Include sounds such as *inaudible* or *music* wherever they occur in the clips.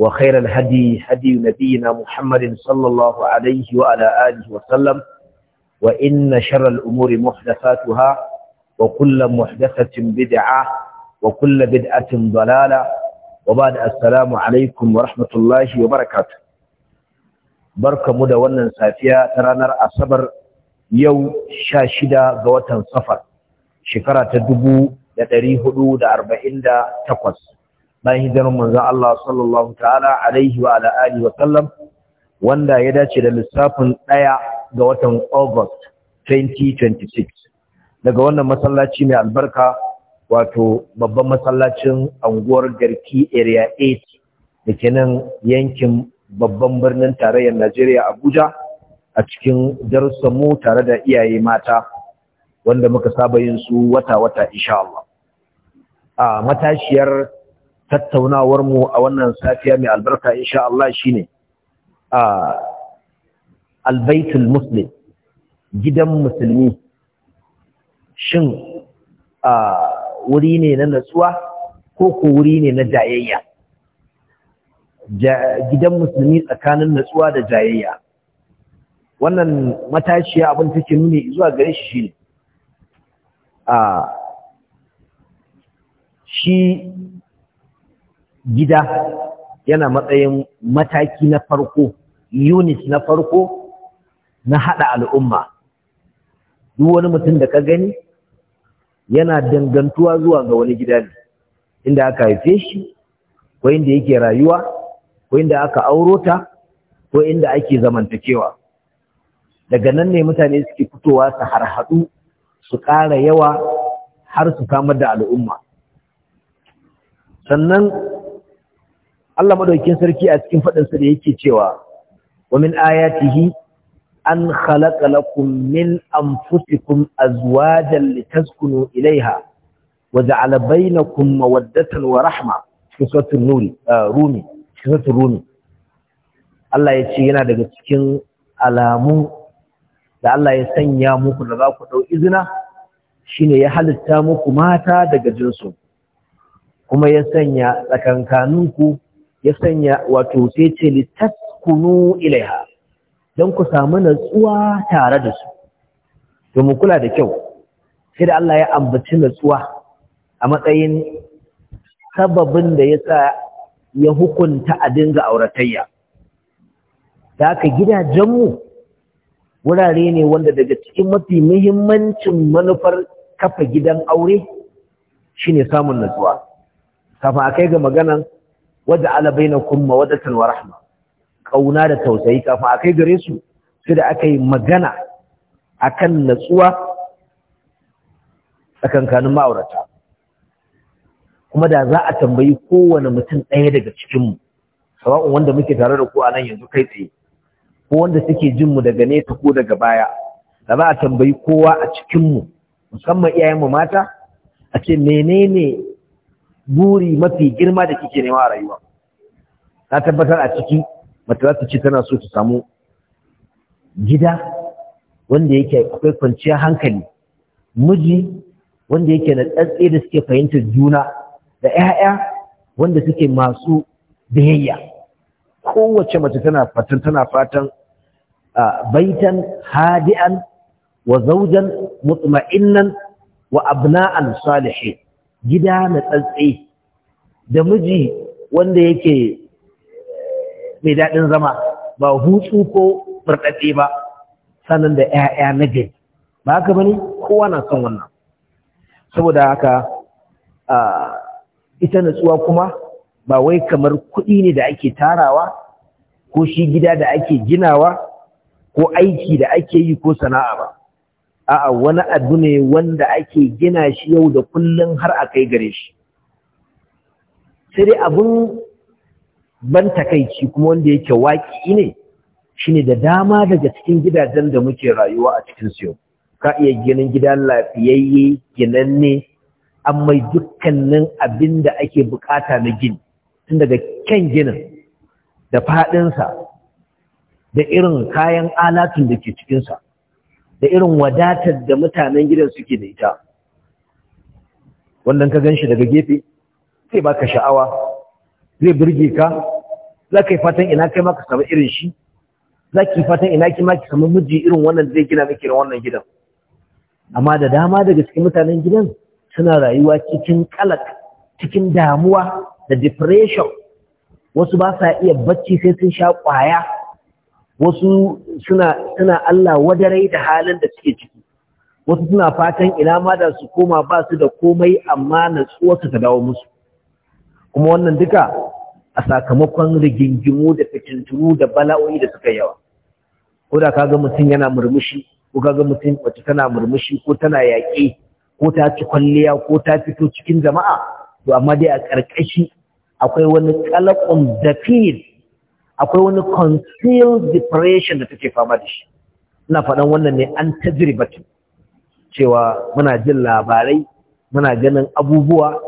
وخير الهدي هدي نبينا محمد صلى الله عليه وعلى آله وسلم وإن شر الأمور محدثاتها وكل محدثة بدعة وكل بدعة ضلالة وبعد السلام عليكم ورحمة الله وبركاته بركة مدى ونن سافيا ترانر أصبر يو شاشدة غوة صفر شكرة دبو لتريه دا أربعين دا تقوص bayan hijirar manzon Allah sallallahu ta'ala alaihi wa ala wa sallam wanda ya dace da lissafin ɗaya ga watan August 2026 daga wannan masallaci mai albarka wato babban masallacin anguwar garki area 8 da kenan nan yankin babban birnin tarayyar Najeriya Abuja a cikin darussanmu tare da iyaye mata wanda muka saba yin su wata-wata insha Allah. A matashiyar tattaunawar mu a wannan safiya mai albarka insha Allah shine a albaitul muslim gidan musulmi shin a wuri ne na natsuwa ko ko wuri ne na jayayya gidan musulmi tsakanin natsuwa da jayayya wannan matashiya abin take nuni zuwa gare shi shine a shi gida yana matsayin mataki na farko unit na farko na hada al'umma duk wani mutum da ka gani yana dangantuwa zuwa ga wani gida ne inda aka haife shi ko inda yake rayuwa ko inda aka auro ta ko inda ake zamantakewa daga nan ne mutane suke fitowa su harhadu, su ƙara yawa har su kamar da al'umma sannan Allah madaukin sarki a cikin sa da yake cewa wa min ayatihi an khalaqa lakum min anfusikum azwajan litaskunu ilaiha wa ja'ala bainakum mawaddatan wa rahma cikin nuri uh, rumi rumi Allah ya ce yana daga cikin alamu da Allah ya sanya muku da za ku ɗau izina shine ya halitta muku mata daga jinsu kuma ya sanya tsakankaninku ya sanya wato sai ce litaskunu ilaiha don ku samu natsuwa tare da su domin kula da kyau sai da Allah ya ambaci natsuwa a matsayin sababin da ya sa ya hukunta a dinga auratayya da gida gidajenmu wurare ne wanda daga cikin mafi muhimmancin manufar kafa gidan aure shine samun natsuwa kafin a kai ga maganan na na wadatan wa rahma Ƙauna da tausayi kafin a kai gare su sai da aka yi magana a kan natsuwa tsakankanin ma'aurata kuma da za a tambayi kowane mutum ɗaya daga cikinmu sawa'un wanda muke tare da ku a nan yanzu kai tsaye ko wanda suke jin mu daga nesa ko daga baya da za a tambayi kowa a cikinmu musamman iyayenmu mata a ce menene buri mafi girma da kike nema a rayuwa ta tabbatar a ciki mata za ta ce tana so ta samu gida wanda yake akwai kwanciyar hankali miji wanda yake na tsatsi da suke fahimtar juna da 'ya'ya wanda suke masu biyayya kowace mace tana fatan tana fatan baitan hadi'an wa zaujan mutma'innan wa abna'an salihin gida na tsantsi da miji wanda yake eh, mai daɗin zama ba hutsu ko burɗaɗe ba sannan da 'ya'ya na gari ba haka bane kowa na son wannan saboda haka ita natsuwa kuma ba wai kamar kuɗi ne da ake tarawa ko shi gida da ake ginawa ko aiki da ake yi ko sana'a ba a'a wani abu ne wanda ake gina shi yau da kullun har a kai gare shi sai dai abun ban takaici kuma wanda yake waƙi ne shine da dama daga cikin gidajen da muke rayuwa a cikin su ka iya ginin gida lafiyayye ginanne an mai dukkanin abin da ake bukata na gini tun daga kyan ginin da faɗinsa da irin kayan alatun da ke cikinsa da irin wadatar da mutanen gidan suke da ita wannan ka gan shi daga gefe zai baka sha'awa zai burge ka za ka yi fatan ina kai maka samu irin shi za ki fatan ina ki maka samu miji irin wannan zai gina miki irin wannan gidan amma da dama daga cikin mutanen gidan suna rayuwa cikin kalak cikin damuwa da depression wasu ba sa iya bacci sai sun sha kwaya wasu suna Allah wadarai da halin da suke ciki wasu suna fatan ina ma da su koma ba su da komai amma natsuwa su ta dawo musu kuma wannan duka a sakamakon rigingimu da fitintunu da bala'o'i da suka yawa ko da kaga mutum yana murmushi ko kaga mutum wacce tana murmushi ko tana yaƙi ko ta ci kwalliya ko ta fito cikin jama'a to amma dai a ƙarƙashi akwai wani kalakon dafir akwai wani concealed depression da take fama da shi ina faɗan wannan ne an tajribatu cewa muna jin labarai muna ganin abubuwa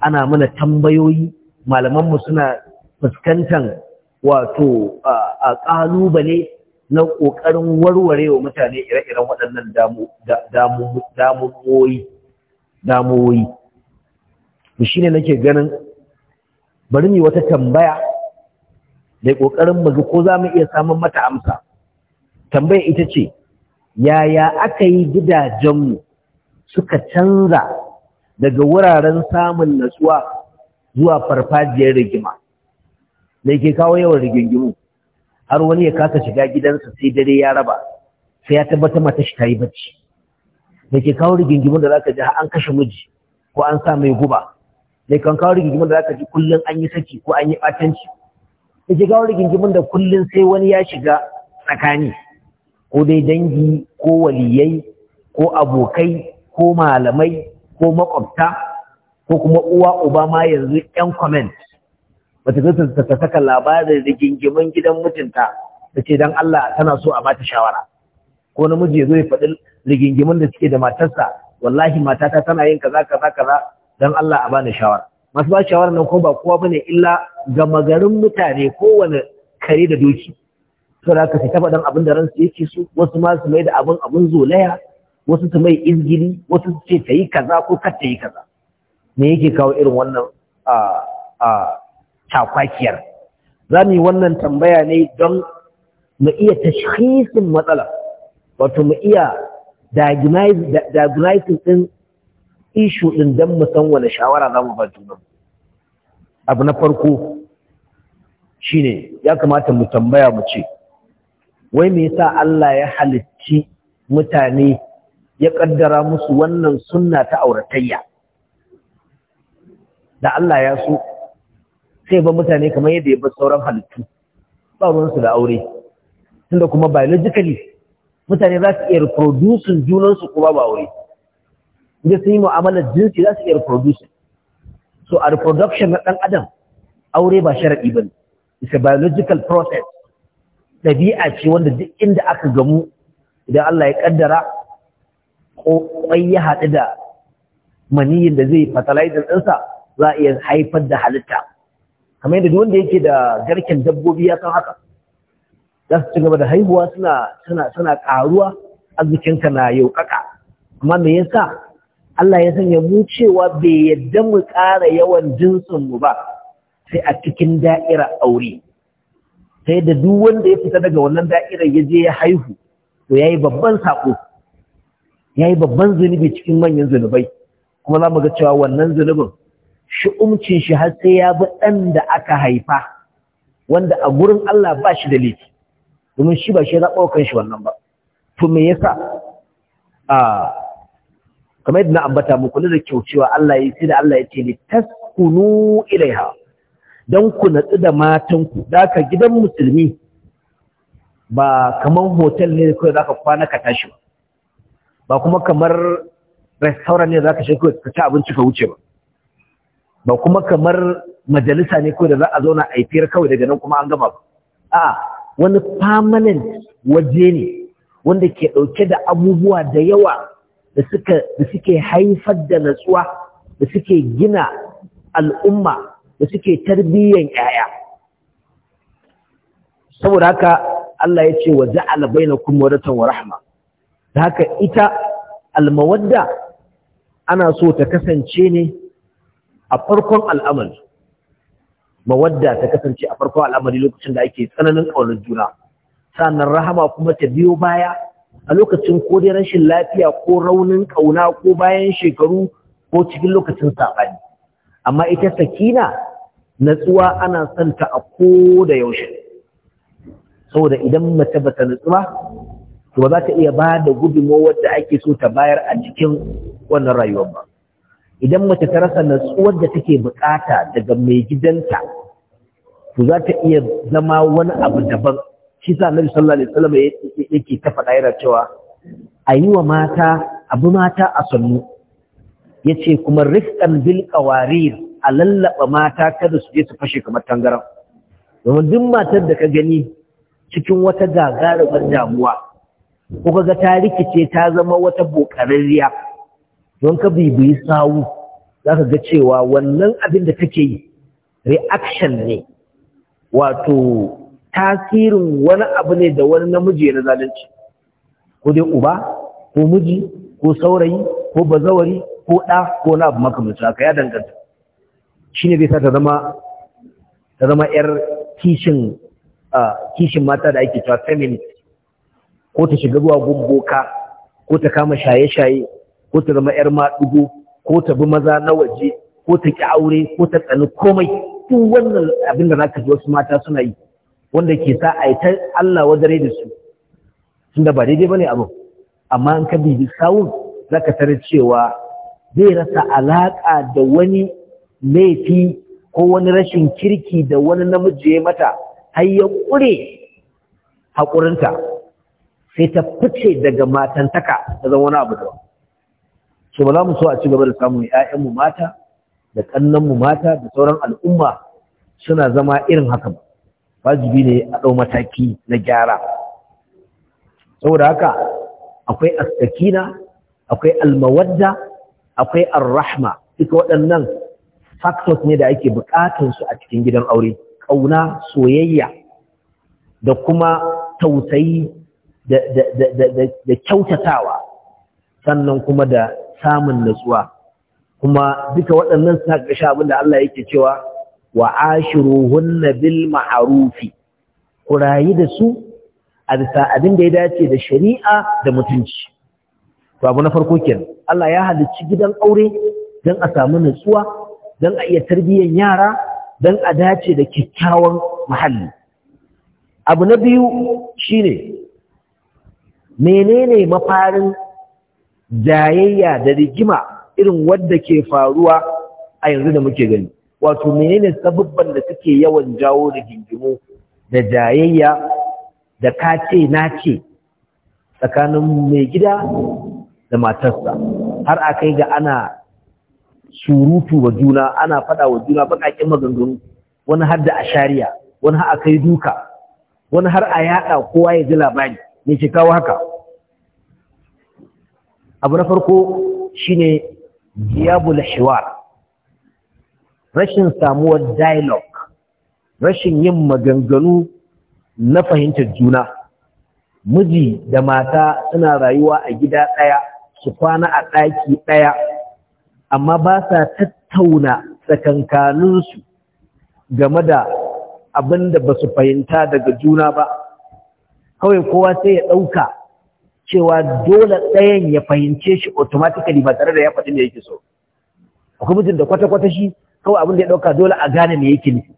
ana mana tambayoyi malamanmu suna fuskantan wato a ƙalubale na ƙoƙarin warware wa mutane ire-iren waɗannan damuwoyi shi ne nake ganin bari mi wata tambaya da ƙoƙarin mu ko za mu iya samun mata amsa tambayar ita ce yaya aka yi gidajenmu suka canza daga wuraren samun natsuwa zuwa farfajiyar rigima da ke kawo yawan rigingimu har wani ya kasa shiga gidansa sai dare ya raba sai ya tabbata mata shi ta yi bacci da ke kawo rigingimu da zaka ji an kashe miji ko an sa mai guba da kan kawo rigingimu da zaka ji kullum an yi saki ko an yi ɓatanci da shiga gingimin da kullum sai wani ya shiga tsakani ko dai dangi ko waliyai ko abokai ko malamai ko makwabta ko kuma uwa uba ma yanzu yan comment bata zai ta saka labarin gingimin gidan mutunta ta ce don Allah tana so a bata shawara ko namiji ya zo ya faɗi rigingimin da suke da matarsa wallahi matata tana yin kaza kaza kaza don Allah a bani shawara masu ba shawarar nan kuma ba kowa ne illa ga magarin mutane kowane kare da doki to da ka ta faɗan abin da su yake su, wasu ma su mai da abin abin zolaya wasu su mai izgiri wasu su ce ta yi kaza ko kar ta yi kaza me yake kawo irin wannan a a takwakiyar za mu wannan tambaya ne don mu iya tashkhisin matsala wato mu iya diagnosing din issue din don mu san wani shawara zamu mu ba junan abu na farko shine ya kamata mu tambaya mu ce wai me yasa Allah ya halicci mutane ya kaddara musu wannan sunna ta auratayya da Allah ya so sai ba mutane kamar yadda ya bar sauran halittu ba ruwansu da aure tunda kuma biologically mutane za su iya reproducing junansu kuma ba aure inda sun yi mu'amalar jinsi za su iya reproducing so a reproduction na ɗan adam aure ba sharaɗi ba it's a biological process ɗabi'a ce wanda duk inda aka gamu idan Allah ya ƙaddara ƙwai ya haɗu da maniyin da zai fertilizer ɗinsa za a iya haifar da halitta kamar yadda wanda yake da garken dabbobi ya san haka za su ci gaba da haihuwa suna ƙaruwa arzikinka na yauƙaƙa amma me yasa Allah ya sanya mu cewa bai yadda mu ƙara yawan mu ba sai a cikin da'ira aure sai da duk wanda ya fita daga wannan da'irar ya je ya haihu to yayi babban sako yayi babban zunubi cikin manyan zunubai kuma za mu ga cewa wannan zunubin shi umcin shi har sai ya bi ɗan da aka haifa wanda a gurin Allah ba shi da laifi domin shi ba shi ya zaɓa kan shi wannan ba to me yasa a ah, kamar yadda na ambata muku da kyaucewa Allah ya sai da Allah ya ce ni taskunu ilaiha dan ku natsu da matanku da ka gidan musulmi ba kamar hotel ne kawai zaka kwana ka tashi ba kuma kamar restaurant ne zaka shiga ka ci abinci ka wuce ba ba kuma kamar majalisa ne kawai da za a zauna a fiyar kawai daga nan kuma an gama ba a wani permanent waje ne wanda ke ɗauke da abubuwa da yawa da suke haifar da natsuwa da suke gina al'umma da suke tarbiyyan 'ya'ya saboda haka Allah ya ce wa ja'ala bainakum wadatan wa rahma da haka ita almawadda ana so ta kasance ne a farkon al'amari mawadda ta kasance a farkon al'amari lokacin da ake tsananin ƙaunar juna sannan rahama kuma ta biyo baya a lokacin ko dai rashin lafiya ko raunin kauna ko bayan shekaru ko cikin lokacin saɓani amma ita sakina natsuwa ana son ta a ko da yaushe saboda idan mace bata natsuwa, to ba za ta iya ba da gudunmawar da ake so ta bayar a cikin wannan rayuwar ba idan mace ta rasa natsuwar da take bukata daga mai gidanta to za ta iya zama wani abu daban shi sa annabi sallallahu alaihi wasallam yake ta faɗa yana cewa a yi wa mata abu mata a sannu Ya ce kuma rifqan bil a lallaɓa mata kada su je su fashe kamar tangaran domin duk matar da ka gani cikin wata gagarumar damuwa ko ga ta rikice ta zama wata bokararriya don ka bibiyi sawu za ka ga cewa wannan abin da take yi reaction ne wato tasirin wani abu ne da wani namiji ya na zalunci ko dai uba ko miji ko saurayi ko bazawari ko ɗa ko na abu makamancin haka ya danganta shi ne zai sa ta zama ta zama yar kishin kishin mata da ake cewa feminist ko ta shiga zuwa gumboka ko ta kama shaye-shaye ko ta zama yar maɗugo ko ta bi maza na waje ko ta ki aure ko ta tsani komai duk wannan abin da za ka ji wasu mata suna yi wanda ke sa a yi ta Allah wajare da su tunda ba daidai ba bane abu amma an ka bi sawun za ka tare cewa zai rasa alaƙa da wani laifi ko wani rashin kirki da wani namiji ya mata har ya ƙure haƙurinta sai ta fice daga matantaka ta zan wani abu da so ba za mu so a ci gaba da samun ‘ya'yanmu mata da ƙannanmu mata da sauran al'umma suna zama irin haka ba wajibi ne a ɗau mataki na gyara saboda haka akwai askakina, akwai almawadda akwai arrahma duka waɗannan factors ne da ake su a cikin gidan aure ƙauna soyayya da kuma tausayi da kyautatawa sannan kuma da samun natsuwa kuma duka waɗannan suna abin abinda Allah yake cewa wa ashiruhunna bil ma'rufi ku rayu da su a bisa abin da ya dace da shari'a da mutunci to abu na farko kenan Allah ya halicci gidan aure dan a samu nutsuwa dan a iya tarbiyyar yara dan a dace da kyakkyawan muhalli abu na biyu shine menene mafarin jayayya da rigima irin wadda ke faruwa a yanzu da muke gani wato menene sabubban da suke yawan jawo da gingimu da jayayya da kace ce tsakanin mai gida da matarsa har a kai ga ana surutu wa juna ana faɗawa wa juna baƙaƙen maganganu wani har da ashariya wani har a kai duka wani har a yaɗa kowa ya ji labari me ke kawo haka abu na farko shine giyabul hiwar rashin samuwar dialogue rashin yin maganganu na fahimtar juna miji da mata suna rayuwa a gida ɗaya su kwana a ɗaki ɗaya amma ba sa tattauna tsakankaninsu game da abin da ba su fahimta daga juna ba kawai kowa sai ya ɗauka cewa dole ɗayan ya fahimce shi automatically ba tare da ya faɗi da yake so akwai mijin da kwata-kwata shi kawai abin da ya ɗauka dole a gane me yake nufi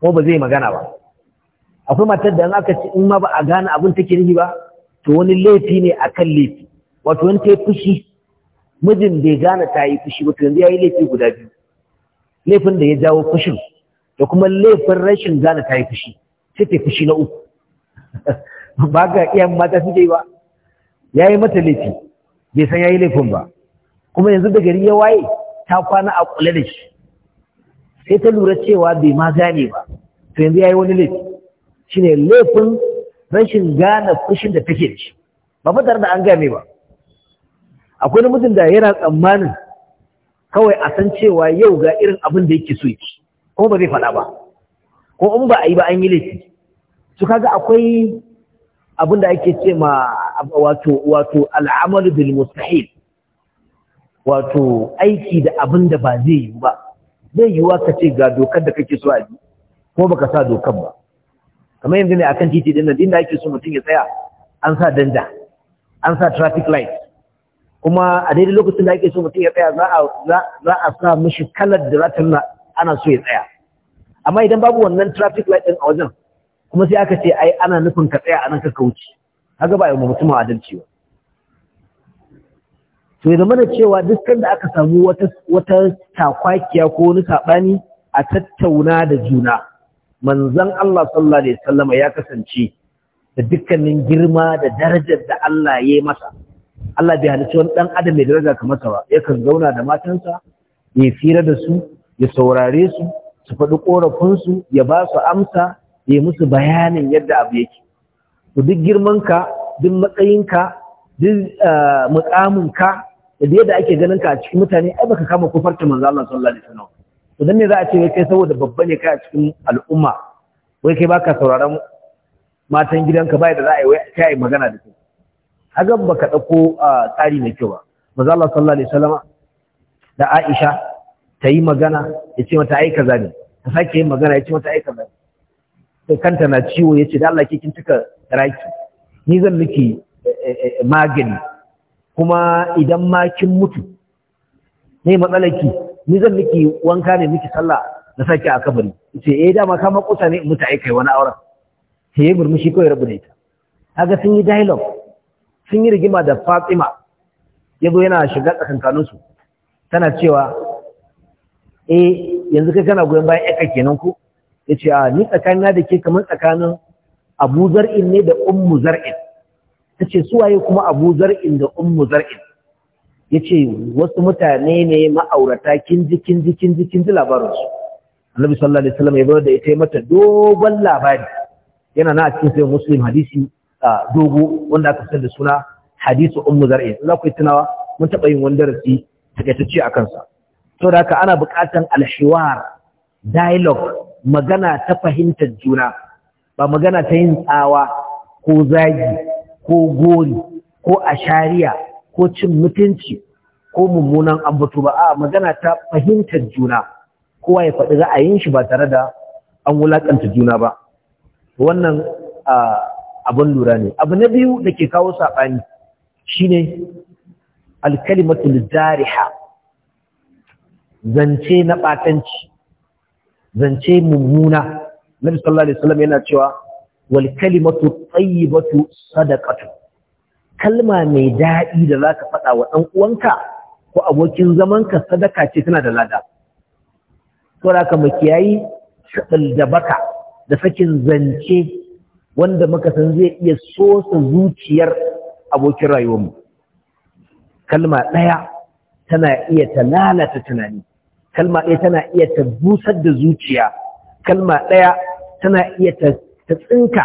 ko ba zai magana ba akwai matar da aka ci in ma ba a gane abin take nufi ba to wani laifi ne akan laifi wato wani ta yi fushi mijin bai gane ta yi fushi ba to yanzu ya yi laifi guda biyu laifin da ya jawo fushin da kuma laifin rashin gane ta yi fushi sai ta fushi na uku *laughs* ba ga iya mata suke yi ba ya yi mata laifi bai san ya yi laifin ba kuma yanzu da gari ya waye ta kwana a kula da shi sai ta lura cewa bai ma gane ba to yanzu yayi wani laifi shine laifin rashin gane fushin da take da shi ba fa da an gane ba akwai namijin da yana tsammanin kawai a san cewa yau ga irin abin da yake so yake kuma ba zai faɗa ba ko in ba a yi ba an yi laifi su kaga akwai abin da ake ce ma wato wato al'amalu bil mustahil wato aiki da abin da ba zai yi ba zai yiwuwa ka ce ga dokar da kake so a yi, ko baka sa dokar ba kamar yanzu ne akan titi din nan da ake so mutum ya tsaya an sa danda an sa traffic light kuma a daidai lokacin da ake so mutum ya tsaya za a za a sa mishi kalar da za ta nuna ana so ya tsaya amma idan babu wannan traffic light din a wajen kuma sai aka ce ai ana nufin ka tsaya a nan ka kauce haka ba yi mutum adalci ba to ya zama cewa duk da aka samu wata takwakiya ko wani saɓani, a tattauna da juna manzon Allah sallallahu alaihi sallama ya kasance da dukkanin girma da darajar da Allah ya yi masa Allah bai halicci wani ɗan adam mai daraja kamar sa ba yakan zauna da matansa ya fira da su ya saurare su su faɗi ƙorafinsu ya ba su amsa ya musu bayanin yadda abu yake to duk girmanka duk matsayinka duk eh, mukaminka da yadda ake ganin ka a cikin mutane ai baka kama ta manzo Allah sallallahu alaihi wasallam to dan ne za a ce kai saboda babba ne kai a cikin al'umma wai kai baka sauraron matan gidanka bai da za a yi wai kai magana da kai haga baka dauko tsari mai kyau ba manzo Allah sallallahu alaihi wasallam da Aisha ta yi magana ya ce mata ai kaza ne ta sake yin magana ya ce mata ai kaza ne sai kanta na ciwo ya ce da Allah ke kin cika raki ni zan miki eh, eh, eh, magani kuma idan makin kin mutu ne matsalaki ni zan miki wanka ne miki sallah na saki a kabari ce eh dama ka makusa ne mutu ai kai wani auren sai ya murmushi kawai rabu da ita kaga sun yi dialogue sun yi rigima da Fatima yazo yana shiga tsakankanin su tana cewa eh yanzu kai kana goyon bayan ƴaka kenan ko ce a ni tsakanina da ke kamar tsakanin Abu Zar'in ne da Ummu Zar'in ta ce waye kuma abu zar'in da ummu zar'in ya ce wasu mutane ne ma'aurata kinji kinji kinji ji labarinsu annabi sallallahu alaihi wasallam ya bar da ita yi mata dogon labari yana na a cikin sayin muslim hadisi dogo wanda aka san da suna hadisu ummu zar'in za ku yi tunawa mun taɓa yin wani darasi takaitacce a kansa to da haka ana buƙatan alhiwar dialogue magana ta fahimtar juna ba magana ta yin tsawa ko zagi ko gori ko ashariya ko cin mutunci ko mummunan ambatu ba a magana ta fahimtar juna kowa ya faɗi ra'ayin shi ba tare da an wulaƙanta juna ba wannan abin lura ne abu na biyu da ke kawo saɓani shine alkalimatul jariha zance na ɓatanci zance mummuna nabi sallallahu alaihi wasallam yana cewa wal kalimatu tayyibatu sadaqatu kalma mai daɗi da zaka faɗa wa ɗan uwanka ko abokin zamanka sadaka ce tana da lada saboda ka makiyayi shaɓal da baka da sakin zance wanda muka san zai iya sosa zuciyar abokin rayuwarmu kalma ɗaya tana iya ta lalata tunani kalma ɗaya tana iya ta busar da zuciya kalma ɗaya tana iya ta ta tsinka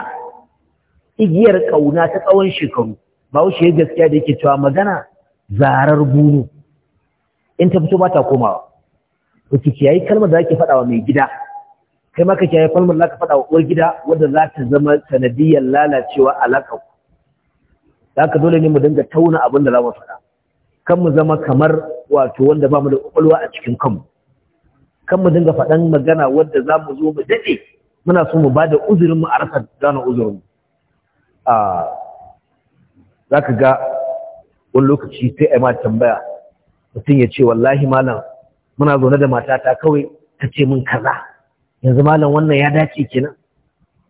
igiyar ƙauna ta tsawon shekaru ba wuce ya gaskiya da yake cewa magana zarar bunu in ta fito ba ta komawa ko ki kiyaye kalmar da fada faɗawa mai gida kai ma ka kiyaye kalmar da ka fada wa uwar gida wadda za ta zama sanadiyar lalacewa alaƙa za ka dole ne mu dinga tauna abin da za mu faɗa kan mu zama kamar wato wanda ba mu da kwakwalwa a cikin kanmu kan mu dinga faɗan magana wadda za mu zo mu daɗe muna so mu ba da mu a rasa gane uzurin a ka ga wani lokaci sai ai ma tambaya mutum ya ce wallahi malam muna zaune da matata kawai ta ce min kaza yanzu malam wannan ya dace kenan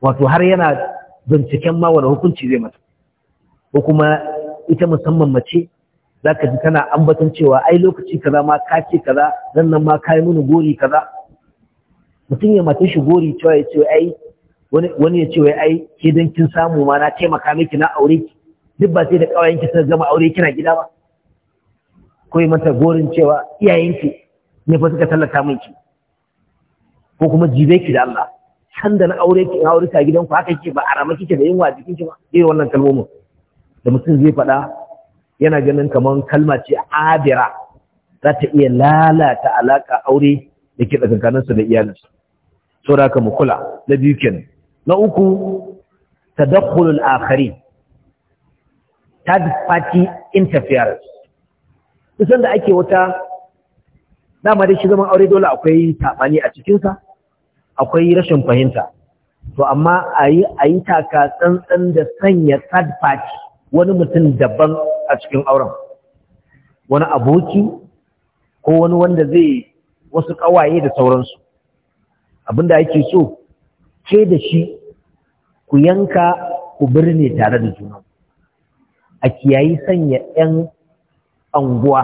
wato har yana binciken ma wani hukunci zai mata ko kuma ita musamman mace za ka ji tana ambaton cewa ai lokaci kaza ma ka kaza nan nan ma ka yi mini gori kaza mutum ya mace shi gori cewa ya ce ai wani ya ce wai ai ke dan kin samu ma na taimaka miki na aure ki duk ba sai da kawayen ki gama aure kina gida ba ko yi mata gorin cewa iyayenki ne fa suka tallata ki ko kuma jibe ki da Allah san da na aure ki na aure ka gidan ku haka kike ba arama kike da yunwa jikin ki ba eh wannan kalmomin da mutum zai faɗa yana ganin kamar kalma ce abira za ta iya lalata alaka aure da ke tsakankaninsu da iyalinsu saboda ka mu kula na biyu na uku tadakhulul akari third party interference kusan da ake wata dama dai shi zaman aure dole akwai taɓani a cikinsa, akwai rashin fahimta to amma ayi ayi taka tsantsan da sanya third party wani mutum daban a cikin auren wani aboki ko wani wanda zai wasu kawaye da sauransu abinda ake so ke da shi ku yanka ku birne tare da juna a kiyayi sanya 'yan anguwa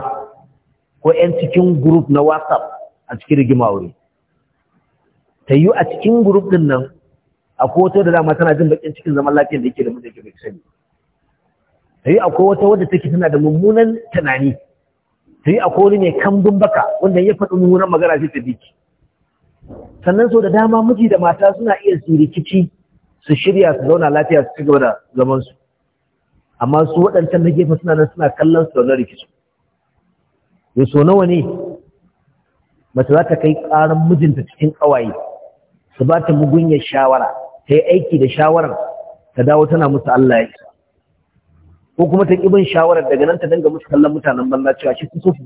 ko 'yan cikin group na whatsapp a cikin rigima wuri ta yi a cikin group din nan a kowato da dama tana jin bakin cikin zaman lafiyar da yake da mutum ke sani ta yi akwai wata wadda take tana da mummunan tunani ta yi akwai wani mai kambun baka wanda ya faɗi mummunan magana sai ta biki sannan sau da dama miji da mata suna iya su rikici su shirya su zauna lafiya su ci gaba da zaman su amma su waɗancan na gefe suna nan suna kallon su da rikici ya so nawa ne mace za ta kai ƙaran mijinta cikin ƙawaye su ba ta mugunyar shawara ta yi aiki da shawarar ta dawo tana musu Allah ya isa ko kuma ta ƙibin shawarar daga nan ta dinga musu kallon mutanen banna cewa shi sun so su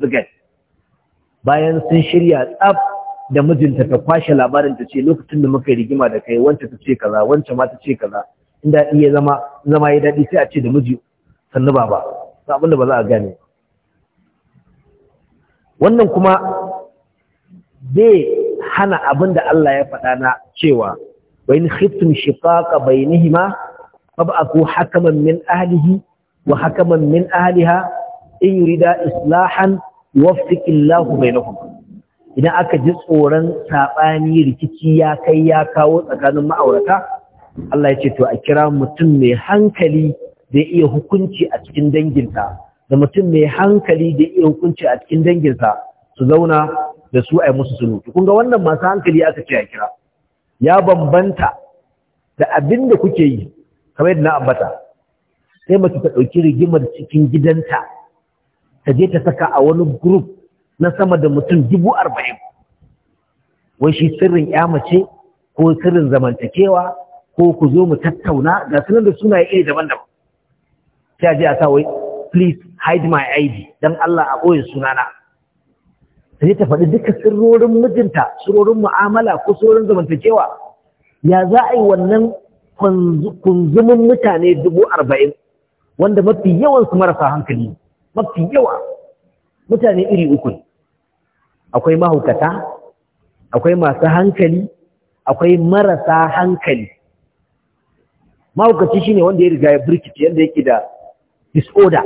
bayan sun shirya tsaf da mijinta ta kwashe labarin ta ce lokacin da muka yi rigima da kai wance ta ce kaza wance ma ta ce kaza in daɗi ya zama zama ya daɗi sai a ce da miji sannu baba abin da ba za a gane wannan kuma zai hana abin da Allah ya faɗa na cewa bayin khiftum shiqaqa bainihima fab'athu hakaman min ahlihi wa hakaman min ahliha in yurida islahan yuwaffiq Allahu bainahum idan aka ji tsoron saɓani rikici ya kai ya kawo tsakanin ma'aurata Allah ya ce to a kira mutum mai hankali da iya hukunci a cikin danginta da mutum mai hankali da iya hukunci a cikin danginsa su zauna da su a musu sunutu kun ga wannan masu hankali aka ce a kira ya bambanta da abin da kuke yi kamar yadda na ambata sai mace ta ɗauki rigimar cikin gidanta ta je ta saka a wani group na sama da mutum dubu arba'in wai shi sirrin mace ko sirrin zamantakewa ko ku zo mu tattauna ga sunan da suna iri daban-daban sai a je a sa wai please hide my id don Allah a ɓoye sunana sai ta faɗi duka sirrorin mijinta sirrorin mu'amala ko sirrorin zamantakewa ya za a yi wannan kunzumin mutane dubu arba'in wanda mafi yawan su marasa hankali mafi yawa mutane iri uku ne akwai mahaukata akwai masu hankali akwai marasa hankali mahaukaci shine wanda ya riga ya birkice yanda yake da disorder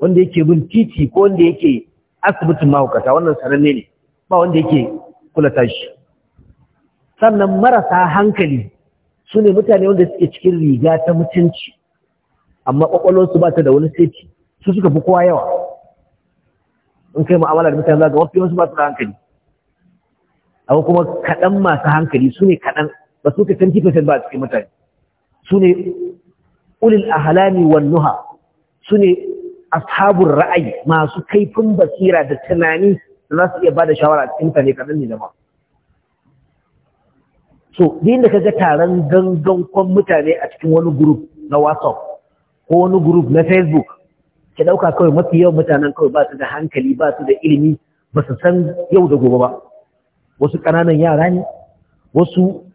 wanda yake bin titi ko wanda yake asibitin mahaukata wannan sananne ne ba wanda yake kula tashi sannan marasa hankali su ne mutane wanda suke cikin riga ta mutunci amma kwakwalwarsu ba ta da wani seti su suka fi kowa yawa in kai mu'amala da mutane zaga wasu yawansu ba su da hankali akwai kuma kaɗan masu hankali su ne kaɗan ba su ka tanti fasir ba a cikin mutane su ne ulil ahalami wa nuha su ne ashabun ra'ayi masu kaifin basira da tunani da za su iya ba da shawara a cikin mutane kaɗan ne zama so din da kaga taron gangan kwan mutane a cikin wani group na whatsapp ko wani group na facebook ki dauka kawai mafi yawan mutanen kawai ba su da hankali ba su da ilimi ba su san yau da gobe ba wasu ƙananan yara ne wasu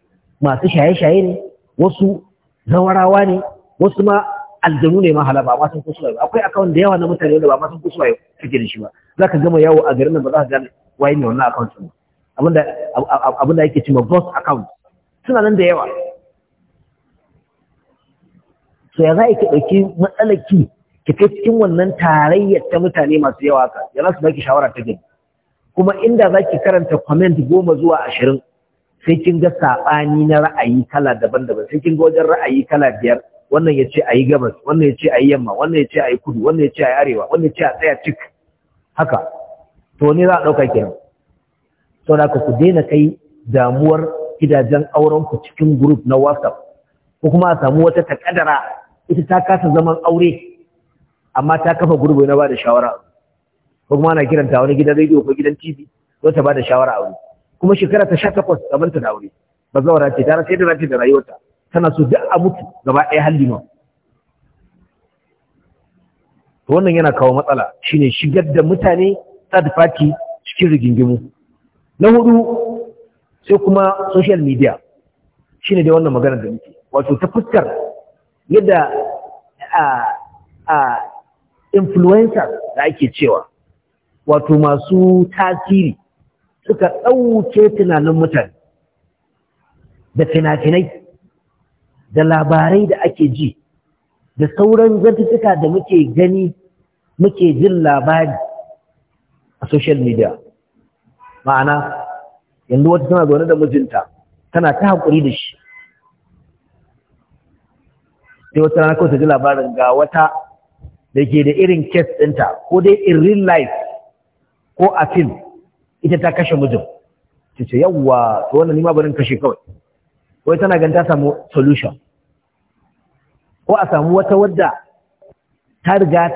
masu shaye-shaye ne wasu zawarawa ne wasu ma aljanu ne ma halaba ma sun kusa yau akwai akawun da yawa na mutane da ba ma sun kusa yau kake da shi ba za ka gama yawo a garin nan ba za ka ga waye ne wannan akawun sun abinda abinda yake cewa boss account suna nan da yawa Sai ya za ki ɗauki matsalar ki ki cikin wannan tarayyar ta mutane masu yawa ka ya za su baki shawara ta gani kuma inda za ki karanta comment goma zuwa ashirin sai kin ga saɓani na ra'ayi kala daban-daban sai kin ga wajen ra'ayi kala biyar wannan ya ce a yi gabas wannan ya ce a yi yamma wannan ya ce a yi kudu wannan ya ce a yi arewa wannan ya ce a tsaya cik haka to ne za a ɗauka kenan sau da ku daina kai damuwar gidajen auren ku cikin group na whatsapp ko kuma a samu wata takadara ita ta kasa zaman aure amma ta kafa gurbi na bada shawara ko kuma ana kiranta wani gidan rediyo ko gidan TV ko ta bada shawara wuri. kuma shekara ta takwas kamar ta da aure bazawara ce ta sai da zata da rayuwarta tana so duk a mutu gaba ɗaya halli ma to wannan yana kawo matsala shine shigar da mutane third party cikin rigingimu na hudu sai kuma social media shi ne dai wannan maganar da muke wato ta fuskar yadda influencers da ake cewa wato masu tasiri suka ɗauke tunanin mutane da fina-finai da labarai da ake ji da sauran zantuka da muke gani muke jin labari a social media ma'ana yanzu wata tana zaune da mijinta tana ta haƙuri da shi sai wata rana kawai ta ji labarin ga wata da ke da irin kes ɗinta ko dai in real life ko a fim ita ta kashe mijin ta ce yawwa to wannan nima barin kashe kawai wai tana gan ta samu solution ko a samu wata wadda ta riga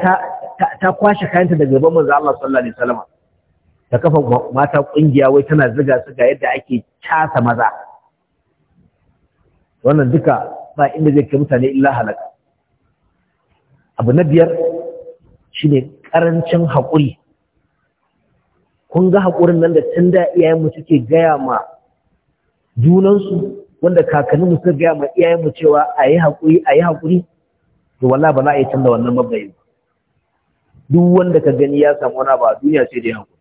ta kwashe kayanta daga gaban manzo Allah sallallahu alaihi wasallam ta kafa mata kungiya wai tana ziga su ga yadda ake casa maza wannan duka ba inda zai kai mutane illa halaka abu na biyar shi ne ƙarancin haƙuri kun ga haƙurin nan da tun da iyayenmu suke gaya ma junansu wanda kakanninmu suka gaya ma iyayenmu cewa a yi haƙuri a yi haƙuri to walla ba za a yi canza wannan mabayi duk wanda ka gani ya samu wani ba duniya sai dai haƙuri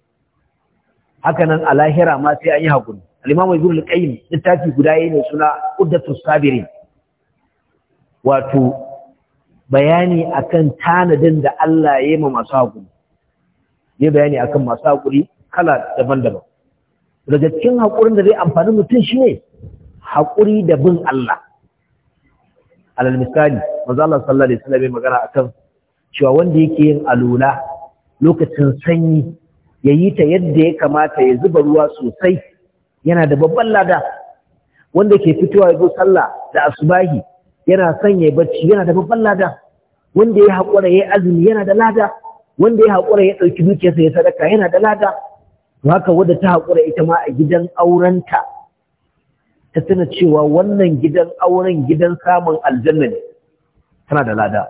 haka a lahira ma sai an yi haƙuri al-imamu ibn al littafi guda yayin suna uddatus sabirin wato bayani akan tanadin da Allah ya yi ma masu haƙuri ya bayani akan masu haƙuri kala daban-daban daga cikin haƙurin da zai amfani mutum shi ne haƙuri da bin Allah alal misali maza Allah sallallahu alaihi wasallam magana akan cewa wanda yake yin alula lokacin sanyi yayi ta yadda ya kamata ya zuba ruwa sosai yana da babban lada wanda ke fitowa ya sallah da asubahi yana son ya bacci yana da babban lada wanda ya haƙura ya azumi yana da lada wanda ya haƙura ya ɗauki dukiyarsa ya sadaka yana da lada haka wadda ta haƙura ita ma a gidan aurenta ta tuna cewa wannan gidan auren gidan samun aljanna ne tana da lada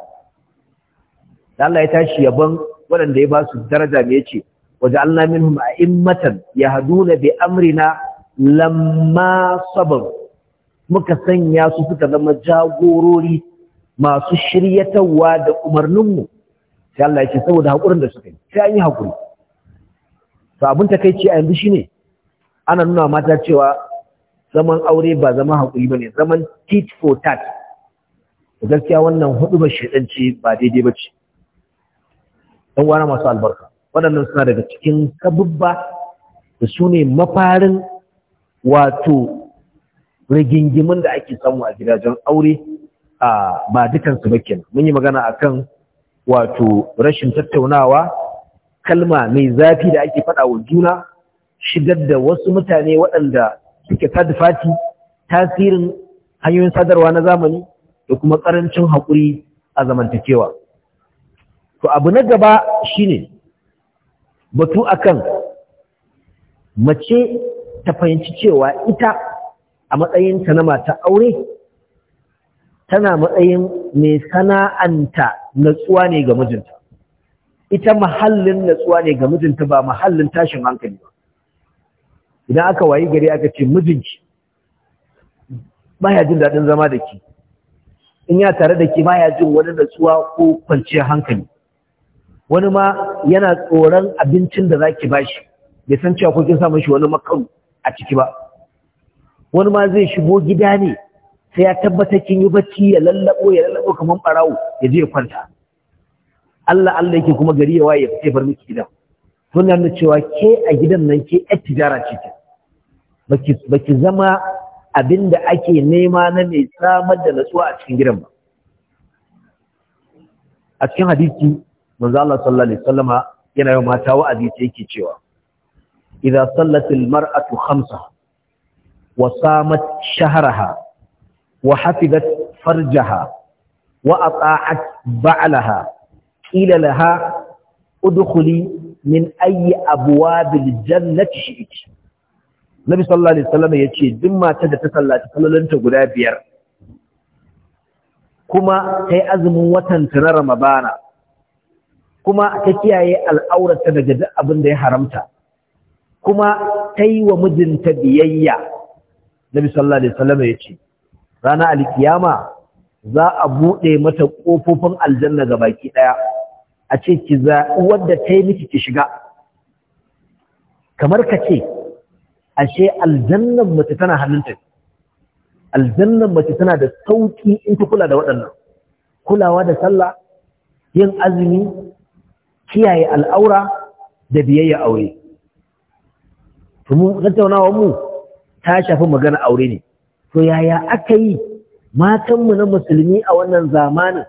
Allah ya tashi yaban waɗanda ya ba su daraja me ce, waje Allah minhum a'immatan yahduna bi amrina lamma sabaru muka sanya su suka zama jagorori masu shiryatarwa da umarninmu sai Allah ya ce saboda haƙurin da suka yi sai an yi haƙuri to abin ta takaici a yanzu shine ana nuna mata cewa zaman aure ba zaman haƙuri bane zaman tit for tat gaskiya wannan hudu ba shedan ba daidai ba ce dan wani masu albarka waɗannan suna daga cikin kabubba da sune mafarin wato rigingimin da ake samu a gidajen aure a ba dukansu ba kenan mun yi magana akan wato rashin tattaunawa kalma mai zafi da ake faɗa wa juna shigar da wasu mutane waɗanda suke third party tasirin hanyoyin sadarwa na zamani da kuma ƙarancin haƙuri a zamantakewa to abu na gaba shine batu akan mace ta fahimci cewa ita a matsayinta na mata aure tana matsayin mai sana'anta natsuwa ne ga mijinta ita mahallin natsuwa ne ga mijinta ba mahallin tashin hankali ba idan aka wayi gari aka ce mijinki baya jin daɗin zama da ke. in ya tare da ki baya jin wani natsuwa ko kwanciyar hankali wani ma yana tsoron abincin da za zaki bashi bai san cewa ko kin sa mishi wani makaru a ciki ba wani ma zai shigo gida ne sai ya tabbatar kin yi bacci ya lallabo ya lallabo kamar barawo ya je ya kwanta Allah Allah yake kuma gari ya waye sai bar miki gidan suna na cewa ke a gidan nan ke a tijara ce baki baki zama abinda ake nema na mai samar da natsuwa a cikin gidan ba a cikin hadisi manzo Allah sallallahu alaihi wasallama yana yawan mata wa'azi yake cewa idza sallatil mar'atu khamsa وصامت شهرها وحفظت فرجها وأطاعت بعلها قيل لها ادخلي من أي أبواب الجنة شئت Nabi sallallahu alaihi wasallam yace duk matar da ta sallaci sallolanta guda biyar kuma ta yi azumin watan ta Ramadana kuma ta kiyaye al'aurarta daga duk abin da ya haramta kuma ta yi wa mijinta biyayya nabi sallallahu alaihi wasallam ya ce rana alkiyama za a bude mata kofofin aljanna ga baki daya a ce ki zaɓi wadda ta yi miki ki shiga kamar ka ce ashe aljannan mace tana hannunta aljannan mace tana da sauki in ta kula da waɗannan kulawa da sallah yin azumi kiyaye al'aura da biyayya aure. Tumu tattaunawa mu ta shafi magana aure ne to yaya aka yi matanmu na musulmi a wannan zamanin